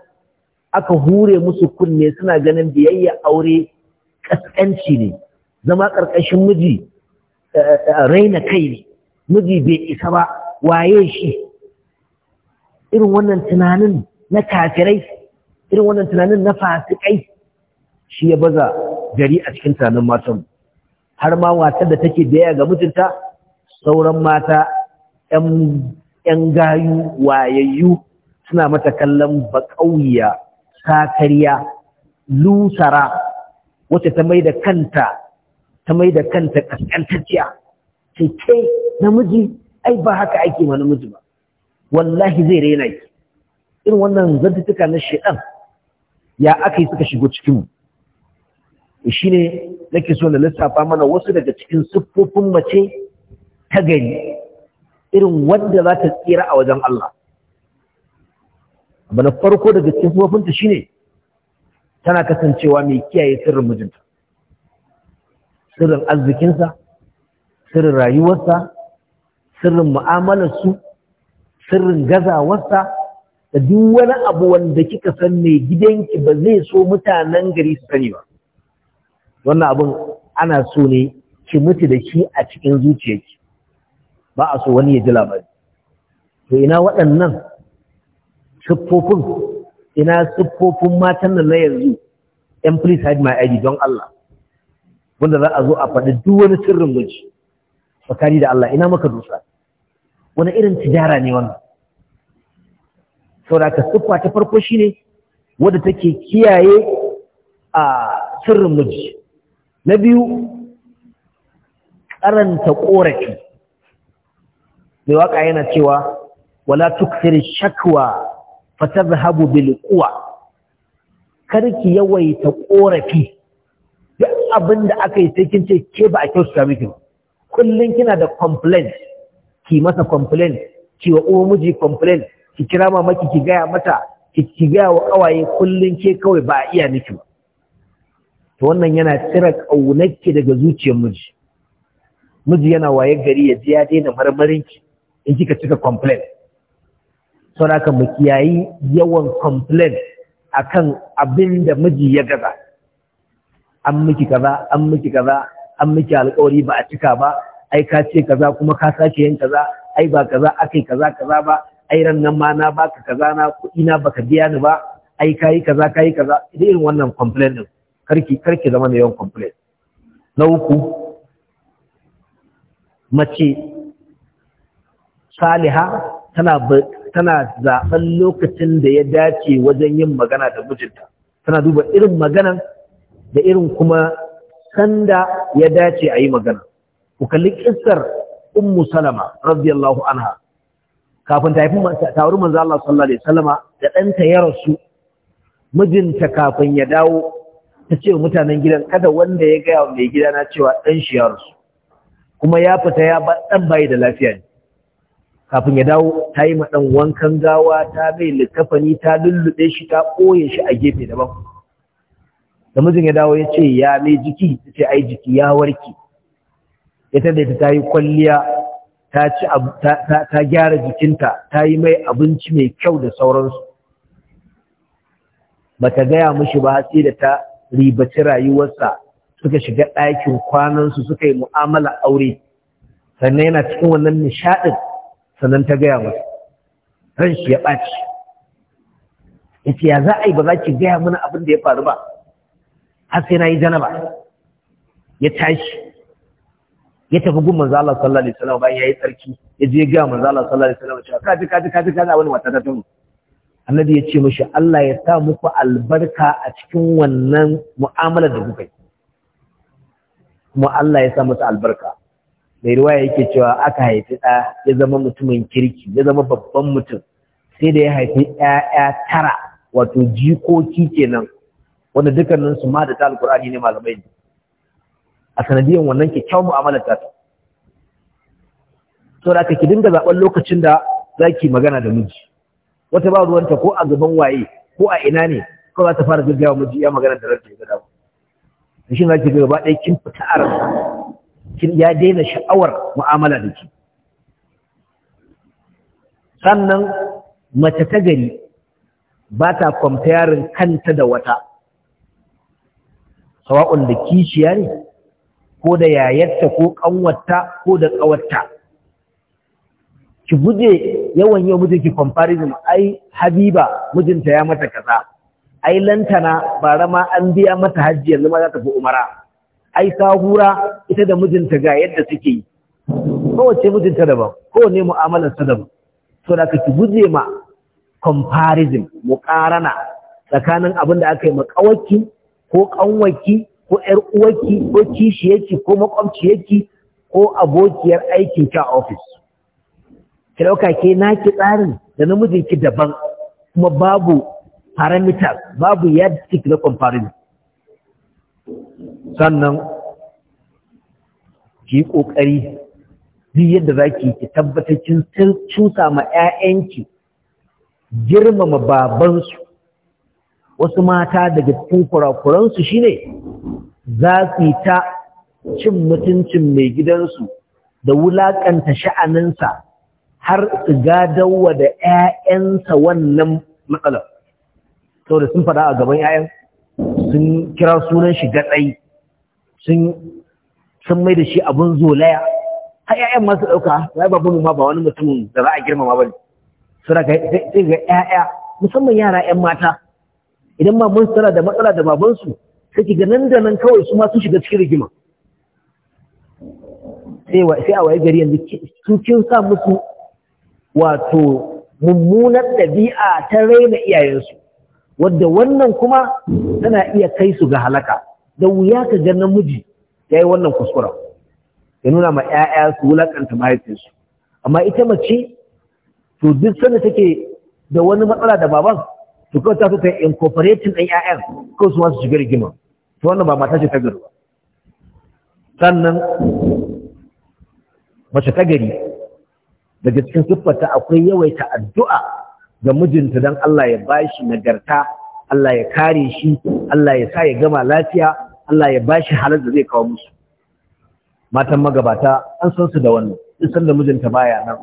aka hure musu kunne suna ganin biyayya aure kaskanci ne zama ƙarƙashin miji eh, eh, raina kai ne miji bai isa ba waye shi irin wannan tunanin na kafirai irin wannan tunanin na fasikai shi ya baza gari a cikin tunanin matanmu har ma watar da take biyayya ga mijinta sauran mata ‘yan gayu wayayyu suna mata kallon baƙauya sakariya lusara wacce ta mai da kanta ta mai da kanta ƙasƙantacciya ce ke namiji ai ba haka ake ma namiji ba wallahi zai rena ki irin wannan zantutuka na shaɗan ya aka yi suka shigo cikin mu shine nake so na lissafa mana wasu daga cikin siffofin mace ta gari irin wanda za ta tsira a wajen Allah abu na farko daga cikin shi shine tana kasancewa mai kiyaye sirrin mijinta sirrin arzikinsa sirrin rayuwarsa sirrin mu'amalarsu sirrin gazawarsa da duk wani abu wanda kika san mai gidanki ba zai so mutanen gari su sani ba wannan abin ana so ne ki mutu da shi a cikin zuciyarki ba a so wani ya ji labari to ina waɗannan siffofin ina siffofin matan nan na yanzu yan please hide my ID don Allah wanda za a zo a faɗi duk wani sirrin gwaji tsakani da Allah ina maka dusa wani irin tijara ne wannan saboda ka siffa ta farko shine wadda take kiyaye a sirrin miji na biyu karanta korafi mai waka yana cewa wala tukfir shakwa fatadhhabu bil quwa karki yawaita korafi duk abinda akai sai kin ce ke ba a kyautata miki ba kullun kina da complaint ki masa complaint ki wa uwa miji complaint ki kira mamaki ki gaya mata ki ki gaya wa kawaye kullun ke kawai ba a iya miki ba to wannan yana cire kaunarki daga zuciyar miji miji yana waye gari ya ji ya daina marmarinki in kika cika complain sau da mu kiyayi yawan complain akan abin da miji ya gaza an miki kaza an miki kaza an miki alƙawari ba a cika ba ai ka ce kaza kuma ka sake yin kaza ai ba kaza akai kaza kaza ba ai ran nan ma na baka kaza na kuɗi na baka biya ni ba ai kayi kaza kayi kaza irin wannan complain din karki karki zama da yawan complain na uku mace saliha tana tana lokacin da ya dace wajen yin magana da mijinta tana duba irin maganan da irin kuma sanda ya dace a yi magana ku kalli kissar ummu salama radiyallahu anha kafin ta haifi tawar manzo Allah sallallahu alaihi wasallama da ɗanta ya rasu mijinta kafin ya dawo ta ce mutanen gidan kada wanda ya gaya mai gidana cewa ɗan shi ya rasu kuma ya fita ya ba ɗan bayi da lafiya ne kafin ya dawo ta yi maɗan wankan gawa ta mai littafani ta lullube shi ta ɓoye shi a gefe daban da mijin ya dawo ya ce ya mai jiki ta ce ai jiki ya warke ya tabbata ta yi kwalliya ta gyara jikinta ta yi mai abinci mai kyau da sauransu ba ta gaya mushi ba sai da ta ribaci rayuwarsa suka shiga ɗakin kwanansu suka yi mu'amala aure sannan yana cikin wannan nishaɗin sannan ta gaya masa ran shi ya ɓaci Ya ce ya za a yi ba za ki gaya mana abin da ya faru ba har sai na yi janaba ya tashi ya tafi gun manzo Allah sallallahu alaihi wasallam bayan yayi tsarki ya je ga manzo Allah sallallahu alaihi wasallam cewa ka kaji kaji kaji wani mata ta tun annabi ya ce mishi Allah ya sa muku albarka a cikin wannan mu'amala da kuka yi kuma Allah ya sa masa albarka mai ruwa yake cewa aka haifi ɗa ya zama mutumin kirki ya zama babban mutum sai da ya haifi ‘ya'ya tara wato jikoki kenan wanda dukkanin su ma da ta alkur'ani ne malamai ne a sanadiyan wannan kyakkyawar mu'amalar ta to da ki dinga zaɓen lokacin da za ki magana da miji wata ba ruwanta ko a gaban waye ko a ina ne ko za ta fara gaggawa miji ya magana da ranta ya gada shi za ki gaba ɗaya kin fita a ransa ya daina sha'awar mu'amala da ke sannan mace ta gari ba ta yarin kanta da wata sawa'un da kishiya ne ko da yayarta ko ƙanwarta ko da ƙawarta ki guje yawan yau mijinki comparison ai habiba mijinta ya mata kaza ai lantana bara ma an biya mata hajji yanzu ma za ta fi umara ai sahura ita da mijinta ga yadda suke yi kowace mijinta daban kowane mu'amalar sa daban so da kake guje ma comparison muqarana tsakanin abin da aka yi ma makawaki ko kanwaki ko ƴar uwarki ko kishiyarki ko makwabciyarki ko abokiyar aikin ka office ki dauka ke naki tsarin da namijinki daban kuma babu parameters babu yardstick na comparison sannan ki ƙoƙari, duk yadda zaki ki tabbatar kin cuta ma ƴaƴanki girmama babansu wasu mata daga cikin kurakuransu shine za su yi ta cin mutuncin mai gidansu da wulaƙanta sha'aninsa har su gadawa da ‘ya'yansa wannan matsalar. Saboda sun fada a gaban ‘ya'yan, sun kira sunan shi gatsai sun mai da shi abin zolaya har 'ya'yan masu ɗauka ya ba mu ma ba wani mutum da za a girmama ba ne suna ga 'ya'ya musamman yara 'yan mata idan ma mun tsara da matsala da babansu sai ga nan da nan kawai su ma sun shiga cikin rigima sai a waye gari yanzu su kin sa musu wato mummunar ɗabi'a ta raina iyayensu wadda wannan kuma tana iya kai su ga halaka da wuya ka ga namiji ya yi wannan kuskura ya nuna ma 'ya'ya su wulakanta mahaifinsu amma ita mace to duk sanda take da wani matsala da baban to kawai ta suka incorporating ɗan 'ya'yan kawai su masu shiga rigima to wannan ba mata ce ta gari sannan mace ta gari daga cikin siffarta akwai yawaita addu'a ga mijinta don Allah ya bashi nagarta Allah ya kare shi Allah ya sa ya gama lafiya Allah ya ba shi halar da zai kawo musu matan magabata an san su da wannan in san da mijinta baya nan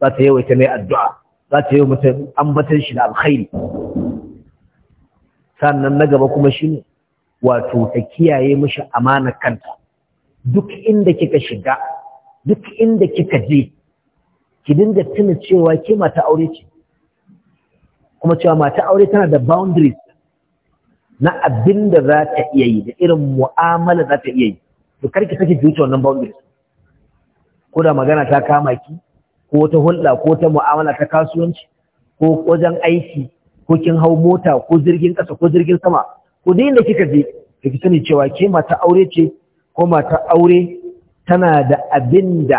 za ta yi mai addu'a za ta yi mutum ambatan shi da alkhairi sannan na gaba kuma shi ne, wato ta kiyaye mishi amana kanta duk inda kika shiga duk inda kika je ki dinga tuna cewa ke mata aure ce kuma cewa mata aure tana da boundaries na abin da za ta iya yi da irin mu'amala za ta iya yi to karki sake ki wannan boundaries ko da magana ta kama ki ko ta hulɗa ko ta mu'amala ta kasuwanci ko wajen aiki ko kin hau mota ko jirgin ƙasa ko jirgin sama ko dai inda kika je kika sani cewa ke mata aure ce ko mata aure tana da abin da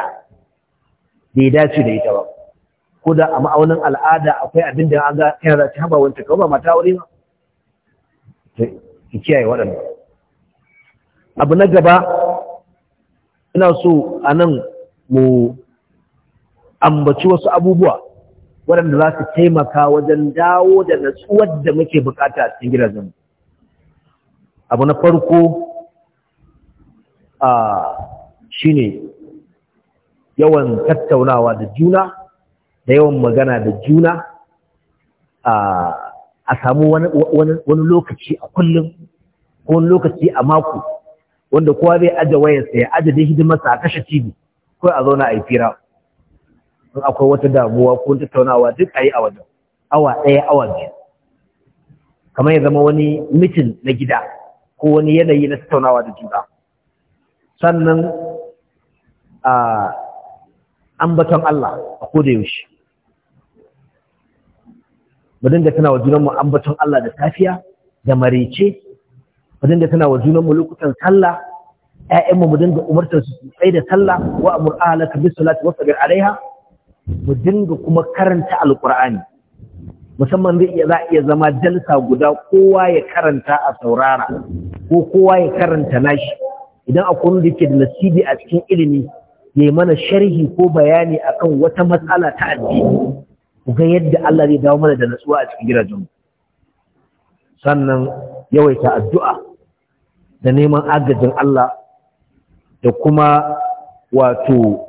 bai dace da ita ba ko da a ma'aunin al'ada akwai abin da an ga yana za ta haɓa wanta mata aure ba ki kiyaye waɗanda abu na gaba ina so a nan mu ambaci wasu abubuwa waɗanda za su taimaka wajen dawo da natsuwar da muke bukata a cikin gidajen abu na farko a ne yawan tattaunawa da juna da yawan magana da juna a samu wani lokaci a kullum ko wani lokaci a mako wanda kowa zai aje wayarsa ya aje dai sa a kashe TV ko a zauna a yi fira in akwai wata damuwa ko tattaunawa duk a yi a wajen awa ɗaya awa biyu kamar ya zama wani mitin na gida ko wani yanayi na tattaunawa da juna sannan ambaton Allah a koda yaushe mu dinga tana wa junanmu ambaton Allah da safiya da marece mu tana wa junanmu lokutan sallah ƴaƴanmu mu dinga umartar su sai da sallah wa amur ahlaka bis salati wasbir alaiha mu dinga kuma karanta alqur'ani musamman zai iya za iya zama jalsa guda kowa ya karanta a saurara ko kowa ya karanta nashi idan akwai wanda yake da nasibi a cikin ilimi ya mana sharhi ko bayani akan wata matsala ta addini ku ga yadda Allah zai dawo mana da natsuwa a cikin gidajenmu sannan yawaita addu'a da neman agajin Allah da kuma wato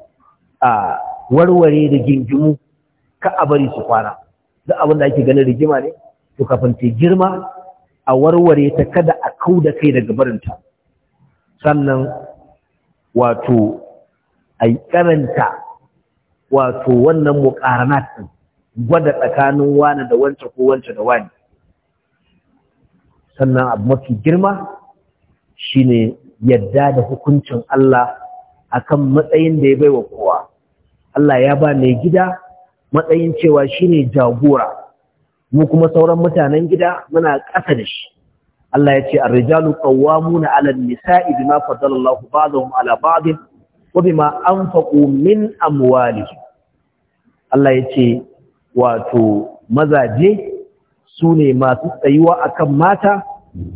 a warware da gingimu ka a bari su kwana duk abin da ake ganin rigima ne to kafin ta girma a warware ta kada a kau da kai daga barinta sannan wato a karanta wato wannan muƙaranat gwada tsakanin wani da wancan ko wancan da wani sannan abu mafi girma shine yadda da hukuncin Allah akan matsayin da ya baiwa kowa Allah ya ba mai gida matsayin cewa shine jagora mu kuma sauran mutanen gida muna ƙasa da shi Allah ya ce ar-rijalu qawwamuna 'ala an-nisa'i bima faddala Allahu ba'dahum 'ala ba'd wa bima anfaqu min amwalihim Allah ya ce wato mazaje su ne masu tsayuwa akan mata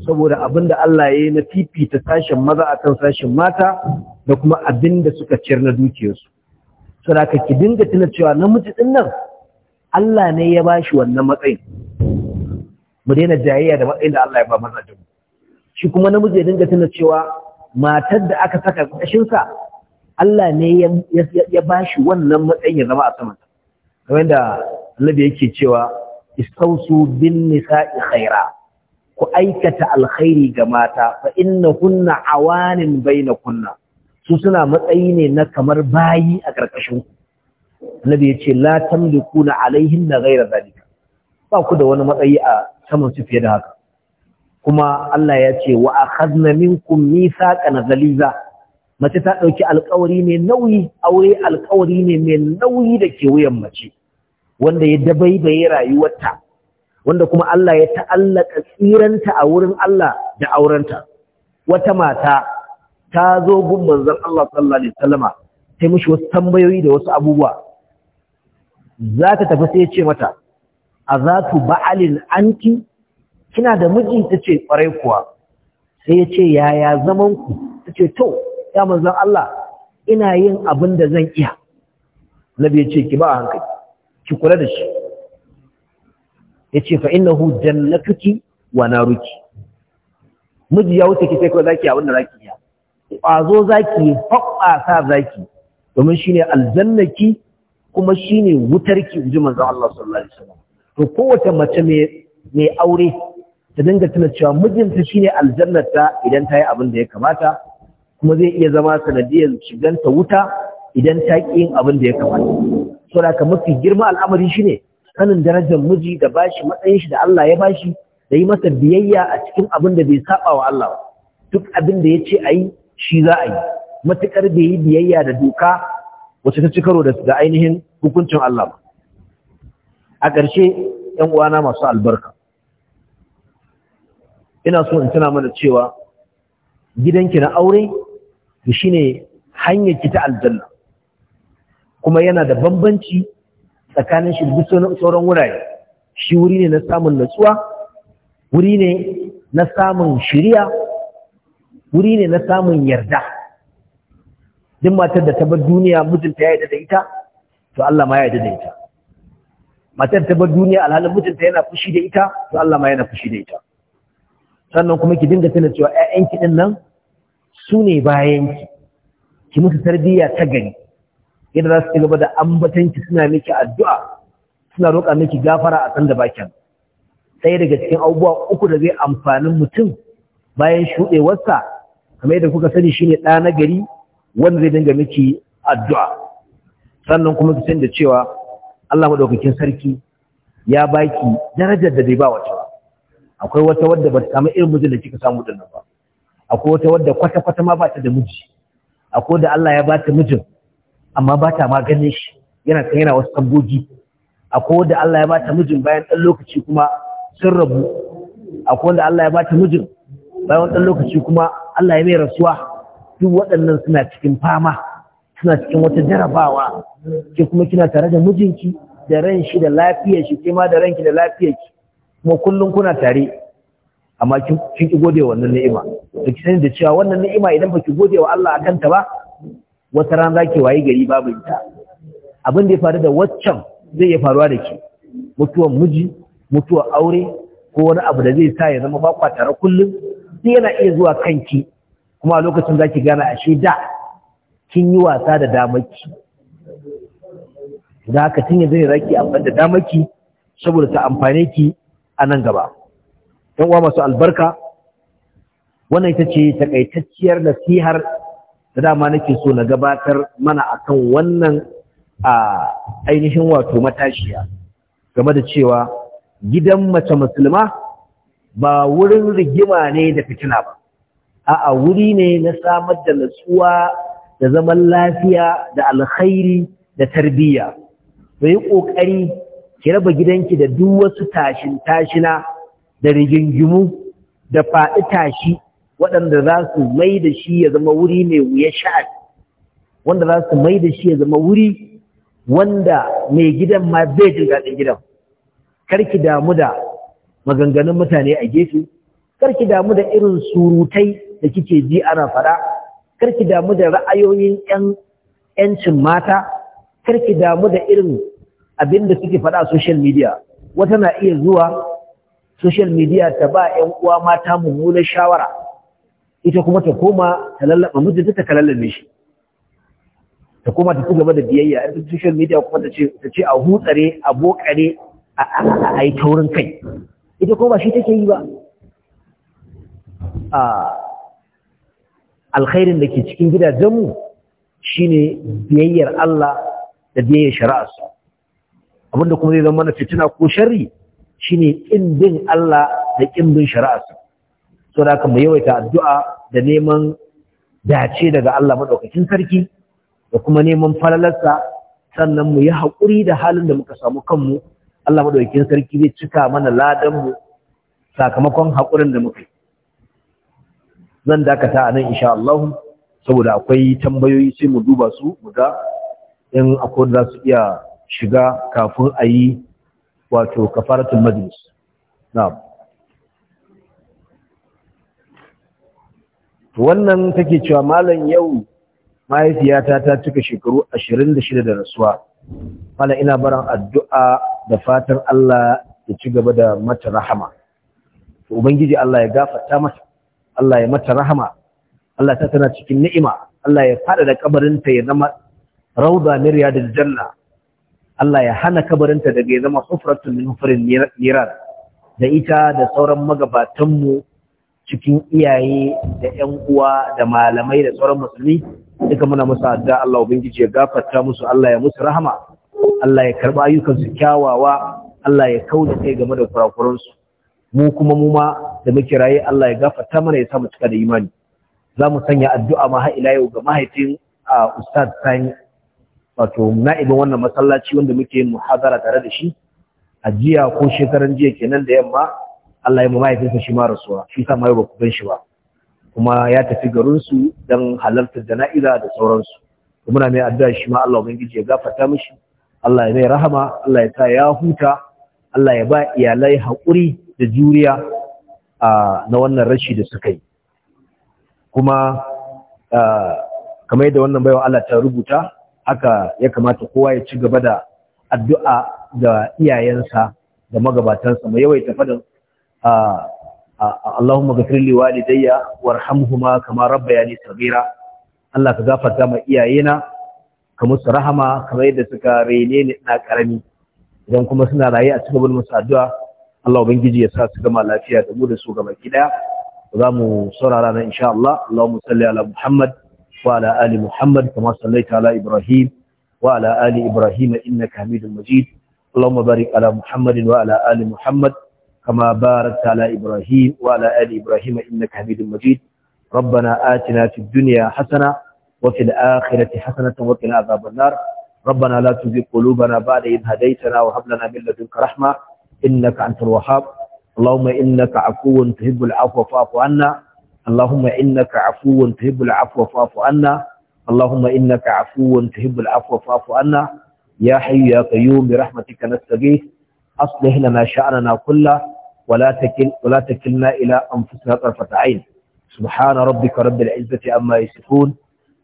saboda abinda Allah ya yi na fifita sashen maza akan sashen mata da kuma abinda suka ciyar na dukiyarsu ka ki dinga tuna cewa namiji ɗin nan Allah ne ya bashi wannan matsayin mu daina jayayya da matsayin da Allah ya ba mazajen shi kuma namiji ya dinga tuna cewa matar da aka saka ƙashinsa, Allah ne ya bashi wannan matsayin ya zama a saman kamar da annabi yake cewa istausu bin nisa'i khaira ku aikata alkhairi ga mata fa innahunna awanin bainakunna su suna matsayi ne na kamar bayi a karkashin ku annabi yace la tamlikuna alaihinna ghaira zalika ba ku da wani matsayi a saman su fiye da haka kuma Allah ya ce wa akhadna minkum mithaqan ghaliza mace ta dauki alƙawari ne nauyi aure alƙawari ne mai nauyi da ke wuyan mace wanda ya dabaibaye rayuwarta wanda kuma Allah ya ta'allaka tsiranta a wurin Allah da aurenta wata mata ta zo gun manzon Allah sallallahu alaihi wasallama mishi wasu tambayoyi da wasu abubuwa za ta tafi sai ya ce mata 'A za tu ba'alin anti kina da miji ce kwarai kuwa sai ya ce yaya zamanku?' ta ce to ya manzon Allah ina yin abin da zan iya nabi ya ce ki ba hankali ki kula da shi ya yace fa na jannatuki wa naruki miji ya wuce ki sai kawai zaki abin da zaki iya kwazo zaki sa zaki domin shi ne aljannaki kuma shi ki wutarki ji manzan Allah sallallahu alaihi wasallam to kowace mace mai aure ta dinga tuna cewa mijinta shine aljannata idan ta yi abin da ya kamata kuma zai iya zama sanadiyar shiganta wuta idan ta ƙi yin abin da ya kamata saboda mafi girma al'amari shine sanin darajar miji da bashi matsayin shi da Allah ya bashi da yi masa biyayya a cikin abin da bai saba wa Allah duk abin da ya ce a yi shi za a yi matuƙar bai yi biyayya da doka wacce ta ci karo da ainihin hukuncin Allah ba a ƙarshe ‘yan uwana masu albarka ina so in tuna mana cewa gidanki na aure shi ne hanyar ki ta aljanna kuma yana da bambanci tsakanin shi da sauran wurare shi wuri ne na samun natsuwa wuri ne na samun shiriya wuri ne na samun yarda duk matar da ta bar duniya mijinta ya yarda da ita to Allah ma ya yarda da ita matar ta bar duniya alhalin mijinta yana fushi da ita to Allah ma yana fushi da ita sannan kuma ki dinga tana cewa ƴaƴanki din nan su ne bayanki ki musu tarbiyya ta gari yadda za su ci gaba da ambatanki suna miki addu'a suna roƙa miki gafara a san da bakin sai daga cikin abubuwa uku da zai amfanin mutum bayan shuɗewarsa kamar yadda kuka sani shine ɗa na gari wanda zai dinga miki addu'a sannan kuma ki san da cewa Allah madaukakin sarki ya baki darajar da bai ba wata ba akwai wata wadda ba ta samu irin mijin da kika samu dinnan ba akwai wata wadda kwata kwata ma ba ta da miji akwai da Allah ya ba ta mijin amma ba ta ma ganin shi yana kan yana wasu tambogi akwai wanda Allah ya ba ta mijin bayan ɗan lokaci kuma sun rabu akwai wanda Allah ya ba ta mijin bayan ɗan lokaci kuma Allah ya mai rasuwa duk waɗannan suna cikin fama suna cikin wata jarabawa ke kuma kina tare da mijinki da ran shi da lafiyar shi ke ma da ranki da lafiyar ki kuma kullum kuna tare amma kin ki gode wa wannan ni'ima to ki sani da cewa wannan ni'ima idan baki gode wa Allah akan ta ba wata rana za ki waye gari babu ita abin da ya faru da waccan zai iya faruwa da ke mutuwar miji mutuwar aure ko wani abu da zai sa ya zama ba tare kullum sai yana iya zuwa kanki kuma a lokacin za ki gana ashe da kin yi wasa da damaki da haka tun yanzu ne za ki amfani da damaki saboda ta amfane ki a nan gaba yan uwa masu albarka wannan ita ce takaitacciyar nasihar da dama nake so na gabatar mana akan wannan a ainihin wato matashiya game da cewa gidan mace musulma ba wurin rigima ne da fitina ba a'a wuri ne na samar da natsuwa da zaman lafiya da alkhairi da tarbiyya bai yi ƙoƙari ki raba gidanki da duk wasu tashin tashina da rigingimu da faɗi tashi waɗanda za su mai da shi ya zama wuri mai wuya sha'ad wanda za su mai da shi ya zama wuri wanda mai gidan ma zai jin daɗin gidan karki damu da maganganun mutane a gefe karki damu da irin surutai da kike ji ana faɗa karki damu da ra'ayoyin ƴan ƴancin mata karki damu da irin abin da suke faɗa a social media wata na iya zuwa social media ta ba ƴan uwa mata mummunar shawara ita kuma ta koma ta lallaba mijinta ta lallabe shi ta koma ta gaba da biyayya a social media kuma ta ce a hutsare a bokare a yi taurin kai ita kuma ba shi take yi ba a alkhairin da ke cikin gidajen mu shine biyayyar Allah da biyayyar shari'arsa abinda kuma zai zama mana fitina ko sharri shine kin bin Allah da kin bin shari'arsa to da mu yawaita addu'a da neman dace daga Allah madaukakin sarki da kuma neman falalarsa sannan mu yi haƙuri da halin da muka samu kanmu Allah madaukakin sarki zai cika mana ladan mu sakamakon haƙurin da muka yi zan dakata a nan insha Allah saboda akwai tambayoyi sai mu duba su mu ga in akwai za su iya shiga kafin a yi wato kafaratul majlis na'am wannan take cewa malam yau mahaifiyata ta cika shekaru 26 da rasuwa malam ina baran addu'a da fatan Allah ya ci gaba da mata rahama ubangiji Allah ya gafarta mata Allah ya mata rahama Allah ta tana cikin ni'ima Allah ya fada da kabarinta ya zama rauda na riyadul janna Allah ya hana kabarinta daga ya zama hufratun min niran da ita da sauran magabatanmu cikin iyaye da yan uwa da malamai da tsoron musulmi duka muna musu adda Allah ubangiji ya gafarta musu Allah ya musu rahama Allah ya karba ayyukan su kyawawa Allah ya kauna kai game da kurakuran su mu kuma mu ma da muke raye Allah ya gafarta mana ya sa mu cika da imani za mu sanya addu'a ma har ila yau ga mahaifin ustad Sani wato na'ibin wannan masallaci wanda muke yin muhadara tare da shi a jiya ko shekaran jiya kenan da yamma Allah ya mahaifinsa shi ma rasuwa shi sa mai baku shi ba kuma ya tafi garinsu dan halartar jana'iza da sauransu muna mai addu'a shi ma Allah ubangiji ya gafarta mishi Allah ya mai rahama Allah ya sa ya huta Allah ya ba iyalai hakuri da juriya na wannan rashi da suka yi kuma kamar yadda wannan baiwa Allah ta rubuta haka ya kamata kowa ya ci gaba da addu'a da iyayensa da magabatansa mai yawaita faɗin Allahumma ghafir li walidayya warhamhuma kama rabbayani saghira Allah ka gafarta ma iyayena ka musu rahama kamar yadda suka rene ni na karami idan kuma suna raye a cikin musu addu'a Allah ubangiji ya sa su gama lafiya da mu da su gaba ki daya za mu saurara na insha Allah Allahumma salli ala Muhammad wa ala ali Muhammad kama sallaita ala Ibrahim wa ala ali Ibrahim innaka Hamidum Majid Allahumma barik ala Muhammadin wa ala ali Muhammad كما باركت على إبراهيم وعلى آل إبراهيم إنك حميد مجيد ربنا آتنا في الدنيا حسنة وفي الآخرة حسنة وقنا عذاب النار ربنا لا تزغ قلوبنا بعد إذ هديتنا وهب لنا من لدنك رحمة إنك أنت الوهاب اللهم إنك عفو تحب العفو فاعف عنا اللهم إنك عفو تحب العفو فاعف عنا اللهم إنك عفو تحب العفو فاعف عنا يا حي يا قيوم برحمتك نستغيث أصلح لنا شأننا كله ولا تكل ولا تكلنا إلى أنفسنا طرفة عين سبحان ربك رب العزة عما يصفون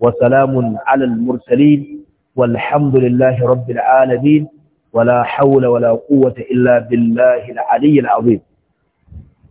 وسلام على المرسلين والحمد لله رب العالمين ولا حول ولا قوة إلا بالله العلي العظيم